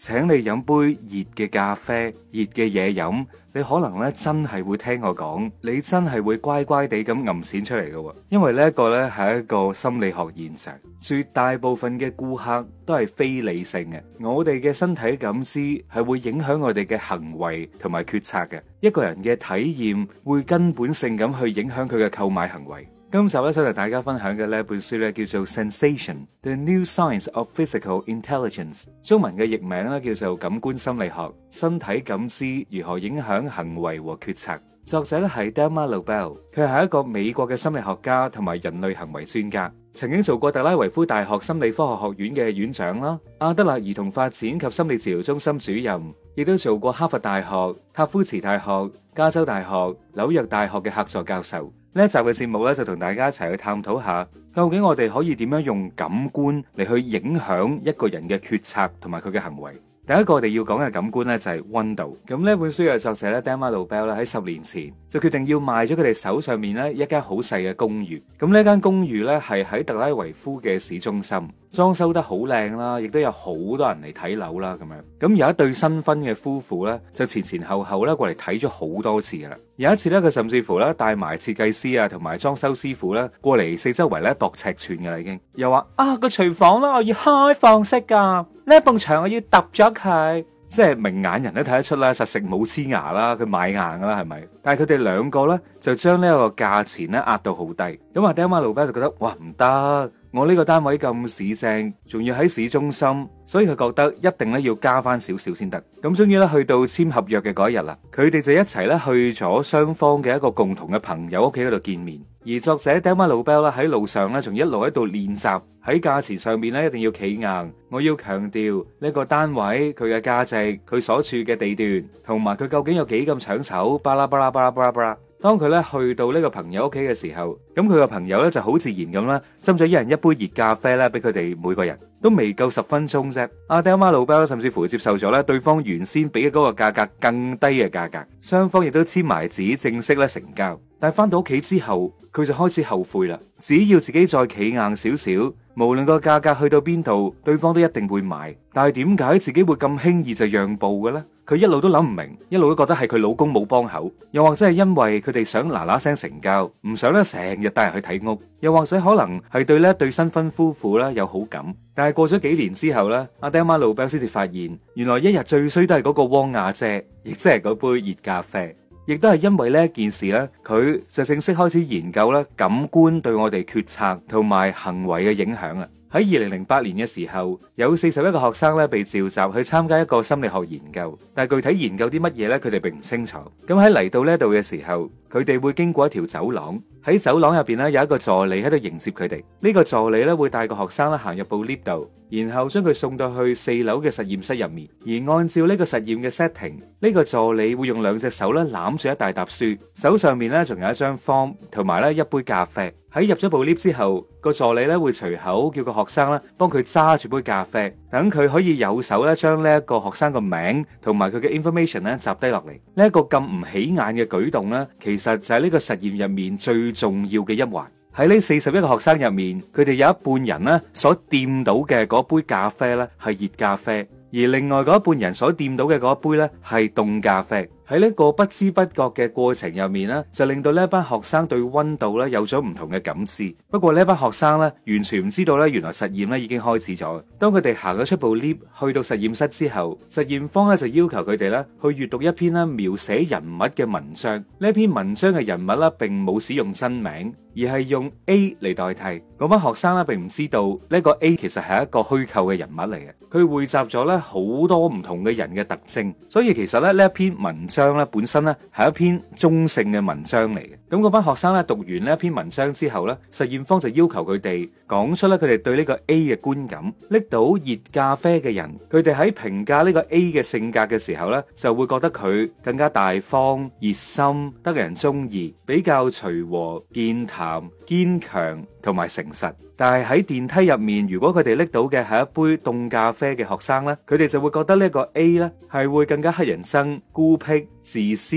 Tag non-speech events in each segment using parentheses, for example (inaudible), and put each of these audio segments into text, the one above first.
請你飲杯熱嘅咖啡，熱嘅嘢飲，你可能咧真係會聽我講，你真係會乖乖地咁暗閃出嚟㗎喎。因為呢一個咧係一個心理學現象，絕大部分嘅顧客都係非理性嘅，我哋嘅身體感知係會影響我哋嘅行為同埋決策嘅，一個人嘅體驗會根本性咁去影響佢嘅購買行為。今集呢想同大家分享嘅呢本書呢叫做《Sensation：The New Science of Physical Intelligence》，中文嘅譯名呢叫做《感官心理學：身體感知如何影響行為和決策》。作者呢係 Thalma Lobel，佢係一個美國嘅心理學家同埋人類行為專家，曾經做過特拉維夫大學心理科學學院嘅院長啦，阿德勒兒童發展及心理治療中心主任，亦都做過哈佛大學、塔夫茨大學、加州大學、紐約大學嘅客座教授。呢一集嘅節目咧，就同大家一齊去探討下，究竟我哋可以點樣用感官嚟，去影響一個人嘅決策同埋佢嘅行為。第一個我哋要講嘅感官呢，就係溫度。咁呢本書嘅作者呢 Damian Loubet 呢喺十年前就決定要賣咗佢哋手上面呢一間好細嘅公寓。咁呢間公寓呢，係喺特拉維夫嘅市中心，裝修得好靚啦，亦都有好多人嚟睇樓啦。咁樣咁有一對新婚嘅夫婦呢，就前前後後呢過嚟睇咗好多次啦。有一次呢，佢甚至乎呢帶埋設計師啊同埋裝修師傅呢過嚟四周圍呢度尺寸噶啦，已經又話啊，個廚房呢我要開放式㗎。呢埲牆我要揼咗佢，即係明眼人都睇得出啦，實食冇黐牙啦，佢買硬噶啦，係咪？但係佢哋兩個咧就將呢一個價錢咧壓到好低，咁阿爹阿老伯就覺得哇唔得。我呢個單位咁市正，仲要喺市中心，所以佢覺得一定咧要加翻少少先得。咁終於咧去到簽合約嘅嗰一日啦，佢哋就一齊咧去咗雙方嘅一個共同嘅朋友屋企嗰度見面。而作者 d a m a o u b e 喺路上咧，仲一路喺度練習喺價錢上面咧一定要企硬。我要強調呢個單位佢嘅價值、佢所處嘅地段同埋佢究竟有幾咁搶手。巴拉巴拉巴拉巴拉，巴拉。當佢咧去到呢個朋友屋企嘅時候，咁佢個朋友咧就好自然咁啦，斟咗一人一杯熱咖啡咧，俾佢哋每個人都未夠十分鐘啫。阿爹媽老班甚至乎接受咗咧，對方原先俾嘅嗰個價格更低嘅價格，雙方亦都簽埋紙正式咧成交。但係翻到屋企之後，佢就開始後悔啦。只要自己再企硬少少，無論個價格去到邊度，對方都一定會買。但係點解自己會咁輕易就讓步嘅咧？佢一路都諗唔明，一路都覺得係佢老公冇幫口，又或者係因為佢哋想嗱嗱聲成交，唔想咧成日帶人去睇屋，又或者可能係對呢對新婚夫婦咧有好感。但係過咗幾年之後咧，阿爹阿媽老表先至發現，原來一日最衰都係嗰個汪雅姐，亦即係嗰杯熱咖啡，亦都係因為呢一件事咧，佢就正式開始研究咧感官對我哋決策同埋行為嘅影響啊！喺二零零八年嘅時候，有四十一個學生咧被召集去參加一個心理學研究，但係具體研究啲乜嘢咧，佢哋並唔清楚。咁喺嚟到呢度嘅時候，佢哋會經過一條走廊。喺走廊入邊咧，有一個助理喺度迎接佢哋。呢個助理咧會帶個學生咧行入部 lift 度，然後將佢送到去四樓嘅實驗室入面。而按照呢個實驗嘅 setting，呢個助理會用兩隻手咧攬住一大沓書，手上面咧仲有一張 form 同埋咧一杯咖啡。喺入咗部 lift 之後，個助理咧會隨口叫個學生咧幫佢揸住杯咖啡，等佢可以有手咧將呢一個學生個名同埋佢嘅 information 咧記低落嚟。呢一個咁唔起眼嘅舉動咧，其實就係呢個實驗入面最。最重要嘅一環。喺呢四十一個學生入面，佢哋有一半人呢所掂到嘅嗰杯咖啡呢係熱咖啡，而另外嗰半人所掂到嘅嗰杯呢係凍咖啡。喺呢個不知不覺嘅過程入面呢就令到呢班學生對溫度呢有咗唔同嘅感知。不過呢班學生呢完全唔知道呢原來實驗呢已經開始咗。當佢哋行咗出部 lift 去到實驗室之後，實驗方呢就要求佢哋呢去閱讀一篇呢描寫人物嘅文章。呢篇文章嘅人物呢並冇使用真名。而係用 A 嚟代替，嗰班學生咧並唔知道呢個 A 其實係一個虛構嘅人物嚟嘅，佢匯集咗咧好多唔同嘅人嘅特徵，所以其實咧呢一篇文章咧本身咧係一篇中性嘅文章嚟嘅。咁嗰班學生咧讀完呢一篇文章之後咧，實驗方就要求佢哋講出咧佢哋對呢個 A 嘅觀感。拎到熱咖啡嘅人，佢哋喺評價呢個 A 嘅性格嘅時候咧，就會覺得佢更加大方、熱心、得人中意，比較隨和、健談、堅強同埋誠實。但係喺電梯入面，如果佢哋拎到嘅係一杯凍咖啡嘅學生咧，佢哋就會覺得呢一個 A 咧係會更加乞人憎、孤僻、自私、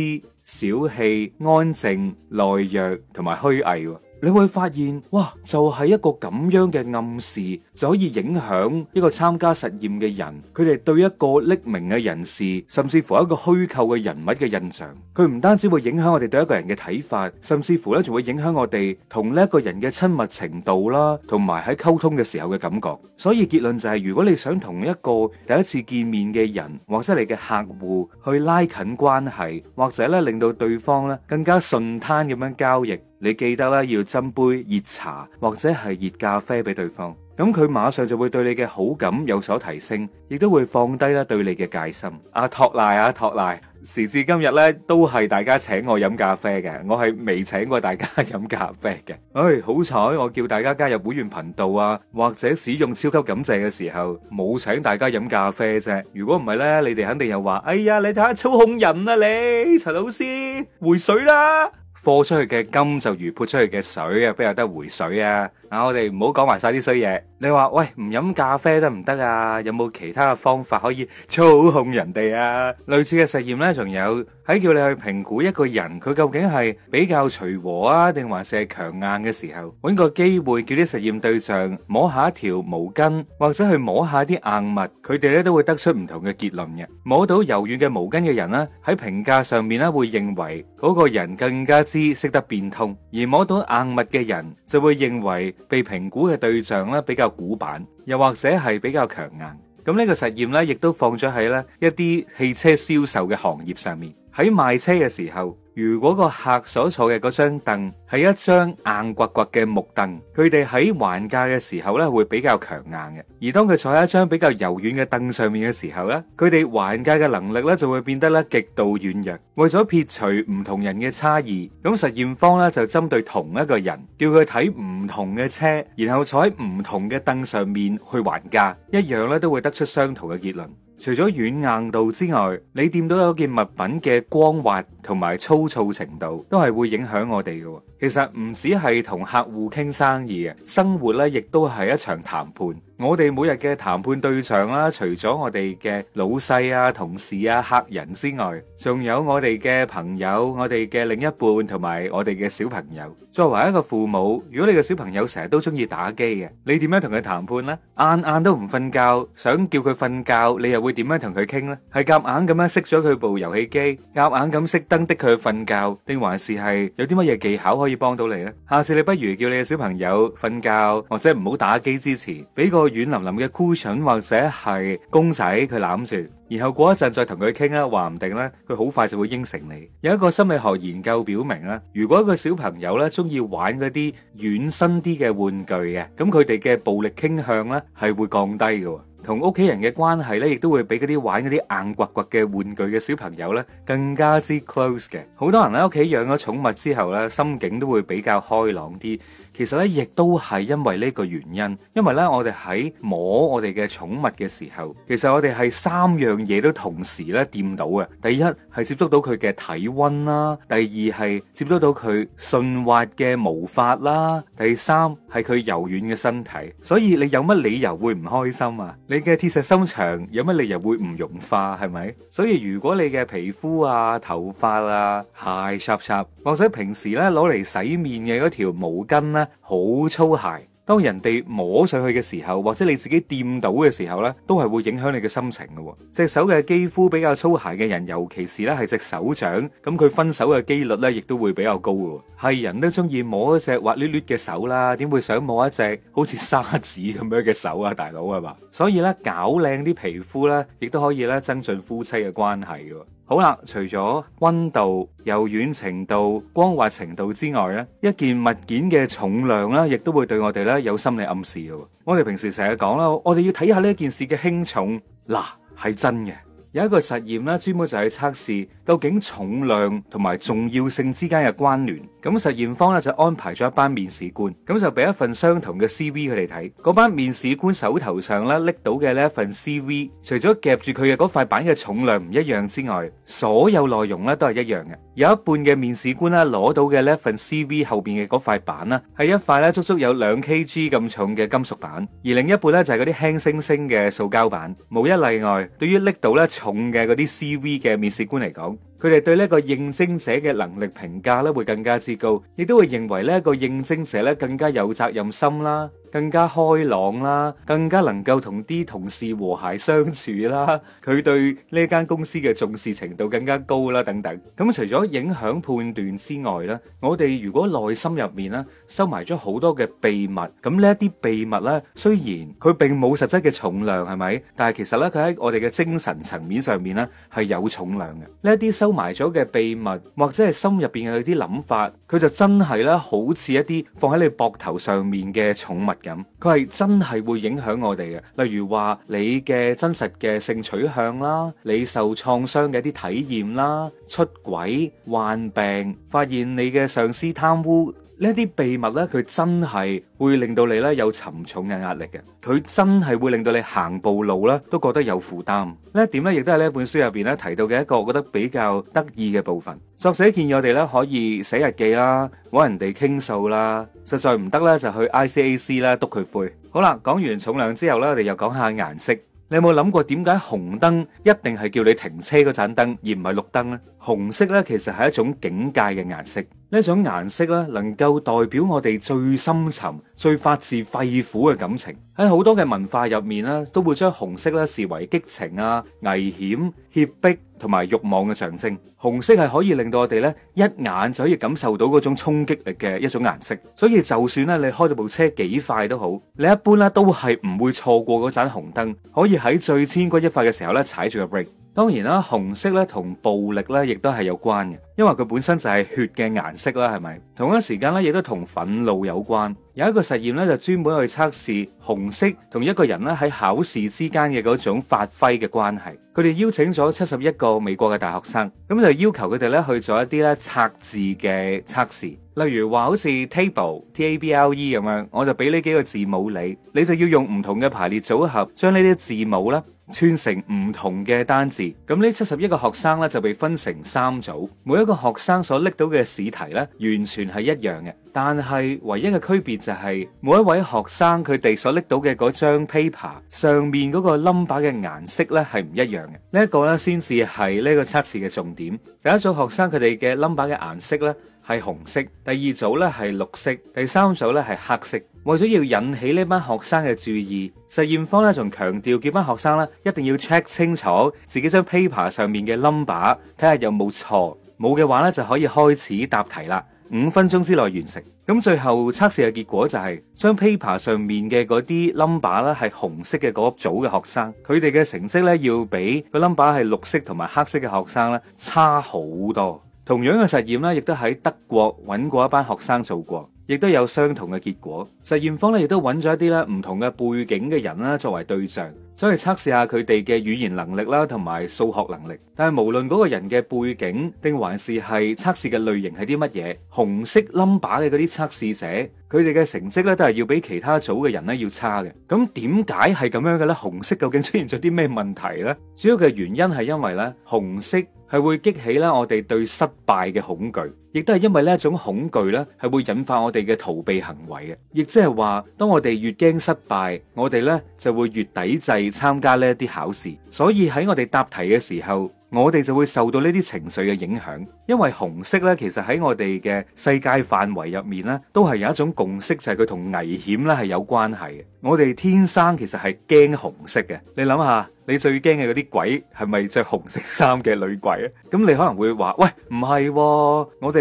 小氣、安靜、懦弱同埋虛偽，你會發現哇，就係一個咁樣嘅暗示。就可以影響一個參加實驗嘅人，佢哋對一個匿名嘅人士，甚至乎一個虛構嘅人物嘅印象。佢唔單止會影響我哋對一個人嘅睇法，甚至乎咧，仲會影響我哋同呢一個人嘅親密程度啦，同埋喺溝通嘅時候嘅感覺。所以結論就係，如果你想同一個第一次見面嘅人或者你嘅客戶去拉近關係，或者咧令到對方咧更加順攤咁樣交易，你記得咧要斟杯熱茶或者係熱咖啡俾對方。咁佢馬上就會對你嘅好感有所提升，亦都會放低咧對你嘅戒心。阿托賴，阿托賴，時至今日呢，都係大家請我飲咖啡嘅，我係未請過大家飲咖啡嘅。唉，好彩我叫大家加入會員頻道啊，或者使用超級感謝嘅時候，冇請大家飲咖啡啫。如果唔係呢，你哋肯定又話：哎呀，你睇下操控人啊，你陳老師回水啦！貨出去嘅金就如潑出去嘅水啊，邊有得回水啊？啊，我哋唔好講埋晒啲衰嘢。你話喂，唔飲咖啡得唔得啊？有冇其他嘅方法可以操控人哋啊？類似嘅實驗咧，仲有喺叫你去評估一個人，佢究竟係比較隨和啊，定還是係強硬嘅時候，揾個機會叫啲實驗對象摸下一條毛巾，或者去摸下啲硬物，佢哋咧都會得出唔同嘅結論嘅。摸到柔軟嘅毛巾嘅人咧，喺評價上面咧會認為嗰個人更加。知識得變通，而摸到硬物嘅人，就會認為被評估嘅對象咧比較古板，又或者係比較強硬。咁呢個實驗咧，亦都放咗喺咧一啲汽車銷售嘅行業上面。喺賣車嘅時候，如果個客所坐嘅嗰張凳係一張硬刮刮嘅木凳，佢哋喺還價嘅時候咧會比較強硬嘅；而當佢坐喺一張比較柔軟嘅凳上面嘅時候咧，佢哋還價嘅能力咧就會變得咧極度軟弱。為咗撇除唔同人嘅差異，咁實驗方咧就針對同一個人，叫佢睇唔同嘅車，然後坐喺唔同嘅凳上面去還價，一樣咧都會得出相同嘅結論。除咗軟硬度之外，你掂到有件物品嘅光滑同埋粗糙程度，都係會影響我哋嘅。其實唔止係同客戶傾生意嘅，生活咧亦都係一場談判。我哋每日嘅談判對象啦，除咗我哋嘅老細啊、同事啊、客人之外，仲有我哋嘅朋友、我哋嘅另一半同埋我哋嘅小朋友。作為一個父母，如果你嘅小朋友成日都中意打機嘅，你點樣同佢談判呢？晏晏都唔瞓覺，想叫佢瞓覺，你又會點樣同佢傾呢？係夾硬咁樣熄咗佢部遊戲機，夾硬咁熄燈逼佢瞓覺，定還是係有啲乜嘢技巧可以幫到你呢？下次你不如叫你嘅小朋友瞓覺或者唔好打機之前，俾個。軟腍腍嘅 cushion 或者係公仔佢攬住，然後過一陣再同佢傾啊，話唔定咧佢好快就會應承你。有一個心理學研究表明啦，如果一個小朋友咧中意玩嗰啲軟身啲嘅玩具嘅，咁佢哋嘅暴力傾向咧係會降低噶。同屋企人嘅關係咧，亦都會比嗰啲玩嗰啲硬掘掘嘅玩具嘅小朋友咧，更加之 close 嘅。好多人喺屋企養咗寵物之後咧，心境都會比較開朗啲。其實咧，亦都係因為呢個原因。因為咧，我哋喺摸我哋嘅寵物嘅時候，其實我哋係三樣嘢都同時咧掂到嘅。第一係接觸到佢嘅體溫啦，第二係接觸到佢順滑嘅毛髮啦，第三係佢柔軟嘅身體。所以你有乜理由會唔開心啊？你嘅鐵石心腸有乜理由會唔融化係咪？所以如果你嘅皮膚啊、頭髮啊、鞋插插，或者平時咧攞嚟洗面嘅嗰條毛巾咧，好粗鞋。當人哋摸上去嘅時候，或者你自己掂到嘅時候咧，都係會影響你嘅心情嘅。隻手嘅肌膚比較粗鞋嘅人，尤其是咧係隻手掌，咁佢分手嘅幾率咧，亦都會比較高嘅。係人都中意摸一隻滑捋捋嘅手啦，點會想摸一隻好似砂紙咁樣嘅手啊？大佬係嘛？所以咧，搞靚啲皮膚咧，亦都可以咧增進夫妻嘅關係。好啦，除咗溫度、柔軟程度、光滑程度之外咧，一件物件嘅重量咧，亦都會對我哋咧有心理暗示嘅。我哋平時成日講啦，我哋要睇下呢一件事嘅輕重，嗱，啊，係真嘅。有一個實驗啦，專門就係測試究竟重量同埋重要性之間嘅關聯。咁實驗方咧就安排咗一班面試官，咁就俾一份相同嘅 CV 佢哋睇。嗰班面試官手頭上咧拎到嘅呢一份 CV，除咗夾住佢嘅嗰塊板嘅重量唔一樣之外，所有內容咧都係一樣嘅。有一半嘅面試官咧攞到嘅呢一份 CV 後邊嘅嗰塊板啦，係一塊咧足足有兩 kg 咁重嘅金屬板，而另一半咧就係嗰啲輕星星嘅塑膠板。無一例外，對於拎到咧，重嘅嗰啲 C.V. 嘅面試官嚟講，佢哋對呢個應徵者嘅能力評價咧會更加之高，亦都會認為呢一個應徵者咧更加有責任心啦。更加開朗啦，更加能夠同啲同事和諧相處啦。佢對呢間公司嘅重視程度更加高啦，等等。咁、嗯、除咗影響判斷之外咧，我哋如果內心入面咧收埋咗好多嘅秘密，咁呢一啲秘密咧，雖然佢並冇實質嘅重量，係咪？但係其實呢，佢喺我哋嘅精神層面上面呢，係有重量嘅。呢一啲收埋咗嘅秘密，或者係心入邊嘅啲諗法，佢就真係咧好似一啲放喺你膊頭上面嘅寵物。佢係真係會影響我哋嘅，例如話你嘅真實嘅性取向啦，你受創傷嘅一啲體驗啦，出軌、患病、發現你嘅上司貪污。呢一啲秘密咧，佢真係會令到你咧有沉重嘅壓力嘅，佢真係會令到你行步路咧都覺得有負擔。呢一點咧，亦都係呢一本書入邊咧提到嘅一個我覺得比較得意嘅部分。作者建議我哋咧可以寫日記啦，搵人哋傾訴啦，實在唔得咧就去 ICAC 啦，篤佢灰。好啦，講完重量之後咧，我哋又講下顏色。你有冇諗過點解紅燈一定係叫你停車嗰盞燈，而唔係綠燈咧？紅色咧其實係一種警戒嘅顏色。呢一種顏色咧，能夠代表我哋最深沉、最發自肺腑嘅感情。喺好多嘅文化入面咧，都會將紅色咧視為激情啊、危險、脅迫同埋慾望嘅象徵。紅色係可以令到我哋咧一眼就可以感受到嗰種衝擊力嘅一種顏色。所以就算咧你開到部車幾快都好，你一般咧都係唔會錯過嗰盞紅燈，可以喺最千鈞一髮嘅時候咧踩住個 brake。當然啦，紅色咧同暴力咧亦都係有關嘅，因為佢本身就係血嘅顏色啦，係咪？同一時間咧，亦都同憤怒有關。有一個實驗咧，就專門去測試紅色同一個人咧喺考試之間嘅嗰種發揮嘅關係。佢哋邀請咗七十一個美國嘅大學生，咁就要求佢哋咧去做一啲咧測字嘅測試，例如話好似 table t a b l e 咁樣，我就俾呢幾個字母你，你就要用唔同嘅排列組合將呢啲字母啦，串成唔同嘅單字，咁呢七十一個學生咧就被分成三組，每一個學生所拎到嘅試題呢，完全係一樣嘅，但係唯一嘅區別就係、是、每一位學生佢哋所拎到嘅嗰張 paper 上面嗰個 number 嘅顏色呢，係唔一樣嘅，這個、呢一個咧先至係呢個測試嘅重點。第一組學生佢哋嘅 number 嘅顏色呢。係紅色，第二組咧係綠色，第三組咧係黑色。為咗要引起呢班學生嘅注意，實驗方咧仲強調，叫班學生咧一定要 check 清楚自己張 paper 上面嘅 number，睇下有冇錯。冇嘅話咧就可以開始答題啦，五分鐘之內完成。咁最後測試嘅結果就係，張 paper 上面嘅嗰啲 number 咧係紅色嘅嗰組嘅學生，佢哋嘅成績咧要比個 number 係綠色同埋黑色嘅學生咧差好多。同樣嘅實驗咧，亦都喺德國揾過一班學生做過，亦都有相同嘅結果。實驗方咧亦都揾咗一啲咧唔同嘅背景嘅人啦，作為對象，再嚟測試下佢哋嘅語言能力啦，同埋數學能力。但係無論嗰個人嘅背景定還是係測試嘅類型係啲乜嘢，紅色冧把嘅嗰啲測試者，佢哋嘅成績咧都係要比其他組嘅人咧要差嘅。咁點解係咁樣嘅咧？紅色究竟出現咗啲咩問題呢？主要嘅原因係因為咧紅色。係會激起咧，我哋對失敗嘅恐懼。亦都係因為呢一種恐懼呢，係會引發我哋嘅逃避行為嘅。亦即係話，當我哋越驚失敗，我哋呢就會越抵制參加呢一啲考試。所以喺我哋答題嘅時候，我哋就會受到呢啲情緒嘅影響。因為紅色呢，其實喺我哋嘅世界範圍入面呢都係有一種共識，就係佢同危險呢係有關係嘅。我哋天生其實係驚紅色嘅。你諗下，你最驚嘅嗰啲鬼係咪着紅色衫嘅女鬼啊？咁你可能會話：喂，唔係喎，我哋。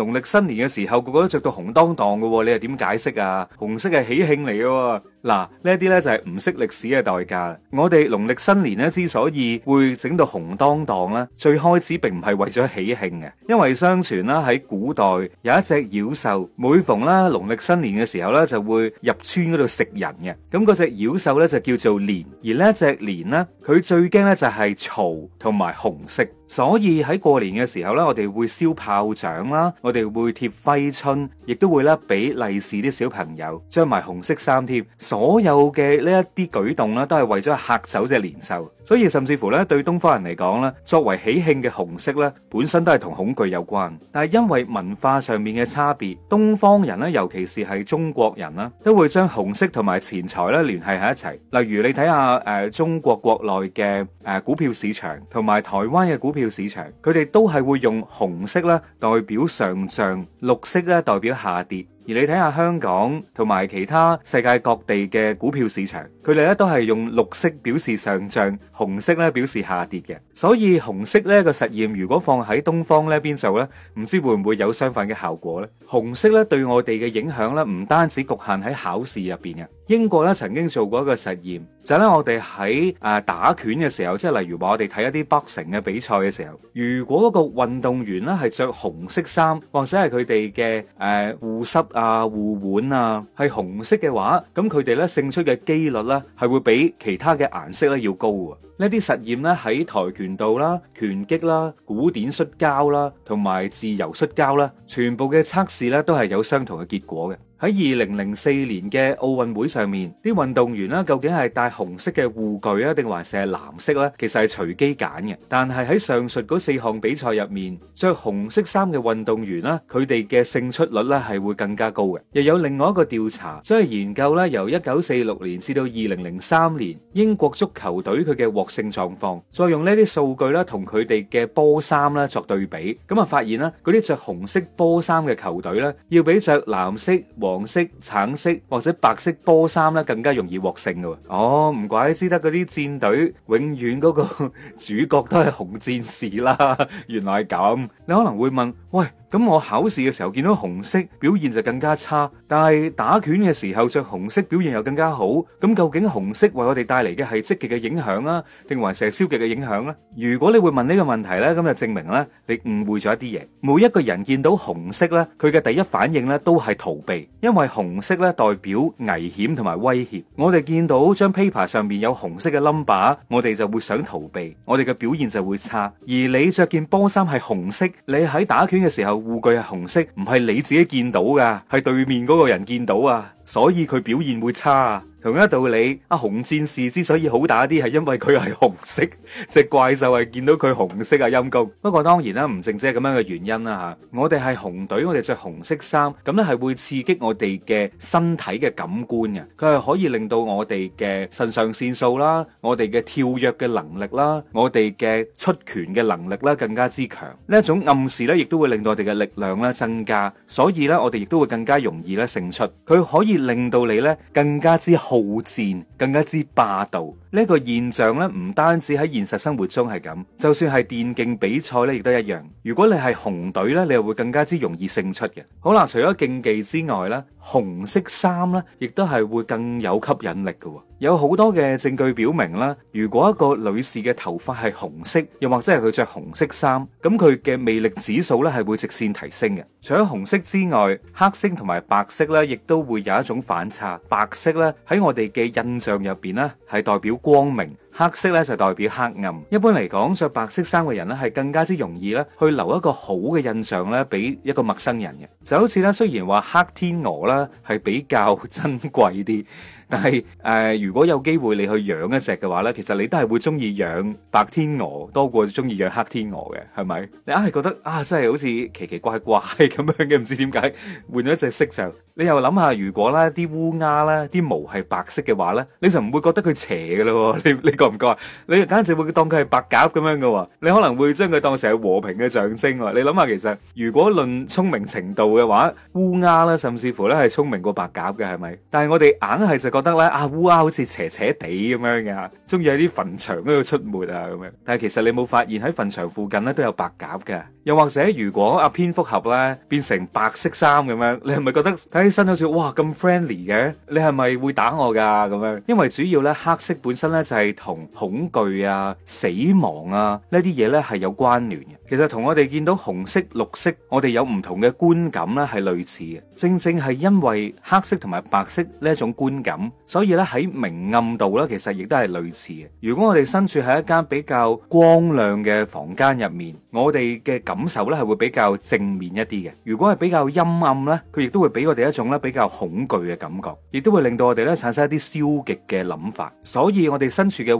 農曆新年嘅時候，個個都着到紅當當嘅、哦，你又點解釋啊？紅色係喜慶嚟嘅、哦，嗱呢一啲呢就係、是、唔識歷史嘅代價。我哋農曆新年呢之所以會整到紅當當咧，最開始並唔係為咗喜慶嘅，因為相傳啦喺古代有一隻妖獸，每逢啦農曆新年嘅時候呢，就會入村嗰度食人嘅。咁嗰隻妖獸呢，就叫做年，而呢一隻年呢，佢最驚呢，就係嘈同埋紅色，所以喺過年嘅時候呢，我哋會燒炮仗啦。我哋會貼揮春，亦都會咧俾利是啲小朋友，着埋紅色衫添。所有嘅呢一啲舉動咧，都係為咗嚇走隻年獸。所以甚至乎咧，對東方人嚟講咧，作為喜慶嘅紅色咧，本身都係同恐懼有關。但係因為文化上面嘅差別，東方人咧，尤其是係中國人啦，都會將紅色同埋錢財咧聯繫喺一齊。例如你睇下誒中國國內嘅誒股票市場，同埋台灣嘅股票市場，佢哋都係會用紅色咧代表上。向上，上，綠色咧、啊，代表下跌。而你睇下香港同埋其他世界各地嘅股票市場，佢哋咧，都係用綠色表示上漲，紅色咧表示下跌嘅。所以紅色呢個實驗如果放喺東方呢邊做呢，唔知會唔會有相反嘅效果呢？紅色咧對我哋嘅影響咧，唔單止局限喺考試入邊嘅。英國咧曾經做過一個實驗，就係咧我哋喺誒，打拳嘅時候，即係例如話我哋睇一啲 boxing 嘅比賽嘅時候，如果嗰個運動員呢係着紅色衫，或者係佢哋嘅誒，護膝。啊，護腕啊，係紅色嘅話，咁佢哋咧勝出嘅幾率咧係會比其他嘅顏色咧要高啊。呢啲實驗咧喺跆拳道啦、拳擊啦、古典摔跤啦，同埋自由摔跤啦，全部嘅測試咧都係有相同嘅結果嘅。喺二零零四年嘅奧運會上面，啲運動員啦究竟係戴紅色嘅護具啊，定還是係藍色咧？其實係隨機揀嘅。但係喺上述嗰四項比賽入面，着紅色衫嘅運動員啦，佢哋嘅勝出率咧係會更加高嘅。又有另外一個調查，就係研究咧由一九四六年至到二零零三年英國足球隊佢嘅獲勝狀況，再用呢啲數據啦同佢哋嘅波衫啦作對比，咁啊發現啦嗰啲着紅色波衫嘅球隊咧，要比着藍色和黃色、橙色或者白色波衫咧，更加容易獲勝噶。哦，唔怪之得嗰啲戰隊永遠嗰個 (laughs) 主角都係紅戰士啦。原來係咁，你可能會問，喂。咁我考試嘅時候見到紅色表現就更加差，但係打拳嘅時候着紅色表現又更加好。咁究竟紅色為我哋帶嚟嘅係積極嘅影響啊，定還是係消極嘅影響呢啊？如果你會問呢個問題呢，咁就證明咧你誤會咗一啲嘢。每一個人見到紅色呢，佢嘅第一反應呢都係逃避，因為紅色呢代表危險同埋威脅。我哋見到張 paper 上面有紅色嘅冧把，我哋就會想逃避，我哋嘅表現就會差。而你着件波衫係紅色，你喺打拳嘅時候，護具係、啊、紅色，唔係你自己見到噶，係對面嗰個人見到啊。所以佢表現會差、啊，同一道理，阿、啊、紅戰士之所以好打啲，係因為佢係紅色，隻怪獸係見到佢紅色啊，陰功。不過當然啦，唔淨止係咁樣嘅原因啦、啊、吓，我哋係紅隊，我哋着紅色衫，咁咧係會刺激我哋嘅身體嘅感官嘅，佢係可以令到我哋嘅腎上腺素啦，我哋嘅跳躍嘅能力啦，我哋嘅出拳嘅能力啦，更加之強。呢一種暗示咧，亦都會令到我哋嘅力量咧增加，所以咧我哋亦都會更加容易咧勝出。佢可以。可以令到你咧更加之好戰，更加之霸道。呢個現象咧唔單止喺現實生活中係咁，就算係電競比賽咧亦都一樣。如果你係紅隊咧，你又會更加之容易勝出嘅。好啦，除咗競技之外咧，紅色衫咧亦都係會更有吸引力噶。有好多嘅證據表明啦，如果一個女士嘅頭髮係紅色，又或者係佢着紅色衫，咁佢嘅魅力指數咧係會直線提升嘅。除咗紅色之外，黑色同埋白色咧，亦都會有一種反差。白色咧喺我哋嘅印象入邊咧，係代表光明。黑色咧就代表黑暗，一般嚟講，着白色衫嘅人咧係更加之容易咧去留一個好嘅印象咧俾一個陌生人嘅，就好似咧雖然話黑天鵝啦係比較珍貴啲，但係誒、呃、如果有機會你去養一隻嘅話咧，其實你都係會鍾意養白天鵝多過鍾意養黑天鵝嘅，係咪？你硬係覺得啊，真係好似奇奇怪怪咁樣嘅，唔知點解換咗一隻色就，你又諗下如果咧啲烏鴉咧啲毛係白色嘅話咧，你就唔會覺得佢邪㗎喇？你你。你覺唔覺啊？你簡直會當佢係白鴿咁樣噶，你可能會將佢當成係和平嘅象徵。你諗下，其實如果論聰明程度嘅話，烏鴉咧，甚至乎咧係聰明過白鴿嘅，係咪？但係我哋硬係就覺得咧，阿烏鴉好似邪邪地咁樣嘅，中意喺啲墳場嗰度出沒啊咁樣。但係其實你冇發現喺墳場附近咧都有白鴿嘅，又或者如果阿蝙蝠俠咧變成白色衫咁樣，你係咪覺得睇起身好似哇咁 friendly 嘅？你係咪會打我噶咁樣？因為主要咧黑色本身咧就係。同恐懼啊、死亡啊呢啲嘢咧係有關聯嘅。其實同我哋見到紅色、綠色，我哋有唔同嘅觀感咧係類似嘅。正正係因為黑色同埋白色呢一種觀感，所以咧喺明暗度咧，其實亦都係類似嘅。如果我哋身處喺一間比較光亮嘅房間入面，我哋嘅感受咧係會比較正面一啲嘅。如果係比較陰暗咧，佢亦都會俾我哋一種咧比較恐懼嘅感覺，亦都會令到我哋咧產生一啲消極嘅諗法。所以我哋身處嘅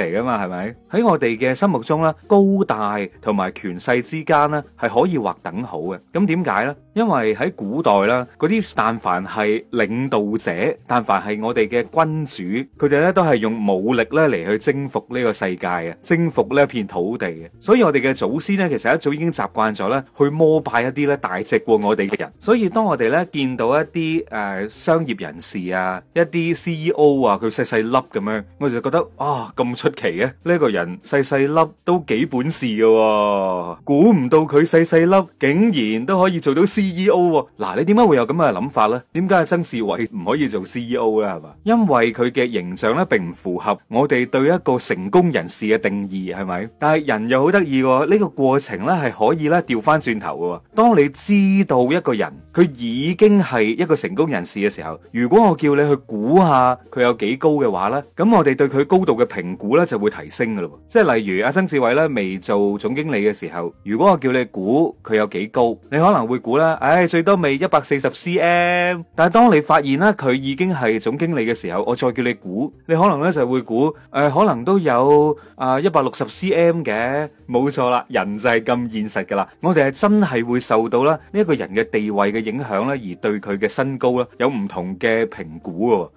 嚟噶嘛，係咪喺我哋嘅心目中咧？高大同埋權勢之間咧，係可以劃等號嘅。咁點解呢？因為喺古代啦，嗰啲但凡係領導者，但凡係我哋嘅君主，佢哋咧都係用武力咧嚟去征服呢個世界嘅，征服呢一片土地嘅。所以我哋嘅祖先咧，其實一早已經習慣咗咧，去膜拜一啲咧大隻過我哋嘅人。所以當我哋咧見到一啲誒、呃、商業人士啊，一啲 CEO 啊，佢細細粒咁樣，我哋就覺得啊，咁、哦、出。奇嘅呢個人細細粒都幾本事嘅，估唔到佢細細粒竟然都可以做到 CEO。嗱，你點解會有咁嘅諗法咧？點解曾志偉唔可以做 CEO 咧？係嘛？因為佢嘅形象咧，並唔符合我哋對一個成功人士嘅定義，係咪？但係人又好得意，呢個過程咧係可以咧調翻轉頭嘅。當你知道一個人佢已經係一個成功人士嘅時候，如果我叫你去估下佢有幾高嘅話咧，咁我哋對佢高度嘅評估咧。咧就會提升噶咯，即係例如阿曾志偉咧未做總經理嘅時候，如果我叫你估佢有幾高，你可能會估咧，唉最多未一百四十 cm。但係當你發現咧佢已經係總經理嘅時候，我再叫你估，你可能咧就會估，誒可能都有啊一百六十 cm 嘅，冇錯啦，人就係咁現實噶啦。我哋係真係會受到咧呢一個人嘅地位嘅影響咧，而對佢嘅身高咧有唔同嘅評估。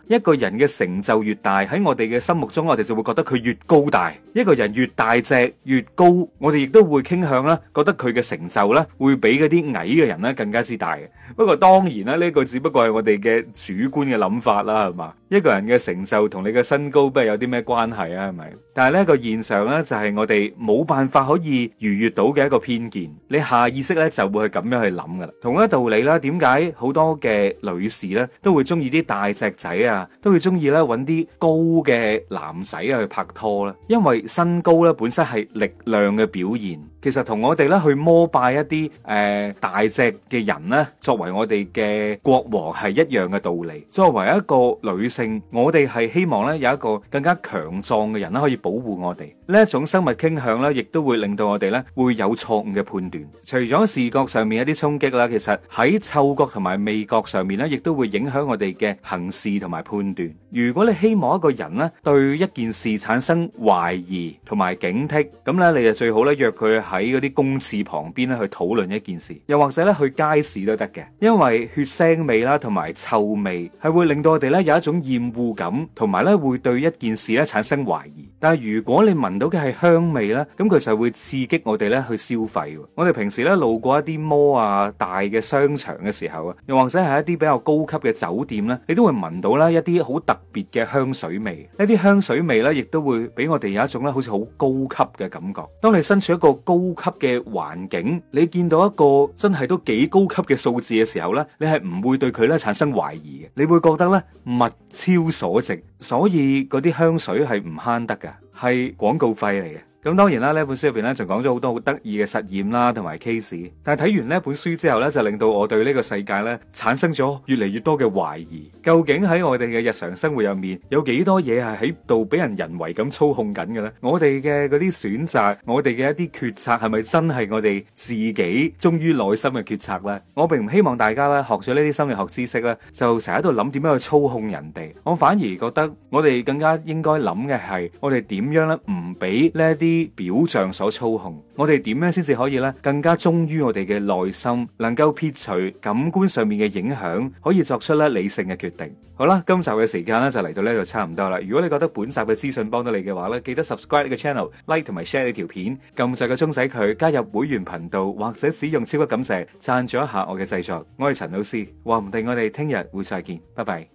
一個人嘅成就越大，喺我哋嘅心目中，我哋就會覺得佢越高大，一個人越大隻越高，我哋亦都會傾向咧覺得佢嘅成就咧會比嗰啲矮嘅人咧更加之大嘅。不過當然啦，呢個只不過係我哋嘅主觀嘅諗法啦，係嘛？一個人嘅成就同你嘅身高，不係有啲咩關係啊？係咪？但係呢個現象呢，就係、是、我哋冇辦法可以逾越到嘅一個偏見，你下意識呢，就會去咁樣去諗噶啦。同一道理啦，點解好多嘅女士呢，都會中意啲大隻仔啊，都會中意咧搵啲高嘅男仔啊去拍拖呢？因為身高呢，本身係力量嘅表現。其實同我哋咧去膜拜一啲誒大隻嘅人咧，作為我哋嘅國王係一樣嘅道理。作為一個女性，我哋係希望咧有一個更加強壯嘅人咧可以保護我哋。呢一種生物傾向咧，亦都會令到我哋咧會有錯誤嘅判斷。除咗視覺上面有啲衝擊啦，其實喺嗅覺同埋味覺上面咧，亦都會影響我哋嘅行事同埋判斷。如果你希望一個人咧對一件事產生懷疑同埋警惕，咁咧你就最好咧約佢，喺嗰啲公廁旁邊咧去討論一件事，又或者咧去街市都得嘅，因為血腥味啦同埋臭味係會令到我哋咧有一種厭惡感，同埋咧會對一件事咧產生懷疑。但係如果你聞到嘅係香味咧，咁佢就會刺激我哋咧去消費。我哋平時咧路過一啲 mall 啊、大嘅商場嘅時候啊，又或者係一啲比較高級嘅酒店咧，你都會聞到啦一啲好特別嘅香水味。呢啲香水味咧，亦都會俾我哋有一種咧好似好高級嘅感覺。當你身處一個高級嘅環境，你見到一個真係都幾高級嘅數字嘅時候咧，你係唔會對佢咧產生懷疑嘅，你會覺得咧物超所值。所以嗰啲香水係唔慳得嘅，係廣告費嚟嘅。咁當然啦，呢本書入邊咧就講咗好多好得意嘅實驗啦，同埋 case。但係睇完呢本書之後咧，就令到我對呢個世界咧產生咗越嚟越多嘅懷疑。究竟喺我哋嘅日常生活入面，有幾多嘢係喺度俾人人為咁操控緊嘅咧？我哋嘅嗰啲選擇，我哋嘅一啲決策，係咪真係我哋自己忠於內心嘅決策咧？我並唔希望大家咧學咗呢啲心理學知識咧，就成日喺度諗點樣去操控人哋。我反而覺得我哋更加應該諗嘅係，我哋點樣咧唔俾呢啲表象所操控。我哋點樣先至可以咧更加忠於我哋嘅內心，能夠撇除感官上面嘅影響，可以作出咧理性嘅決定。好啦，今集嘅時間咧就嚟到呢度差唔多啦。如果你覺得本集嘅資訊幫到你嘅話咧，記得 subscribe 呢個 channel，like 同埋 share 呢條片，撳晒個鐘使佢加入會員頻道或者使用超級感謝，贊助一下我嘅製作。我係陳老 C，話唔定我哋聽日會再見，拜拜。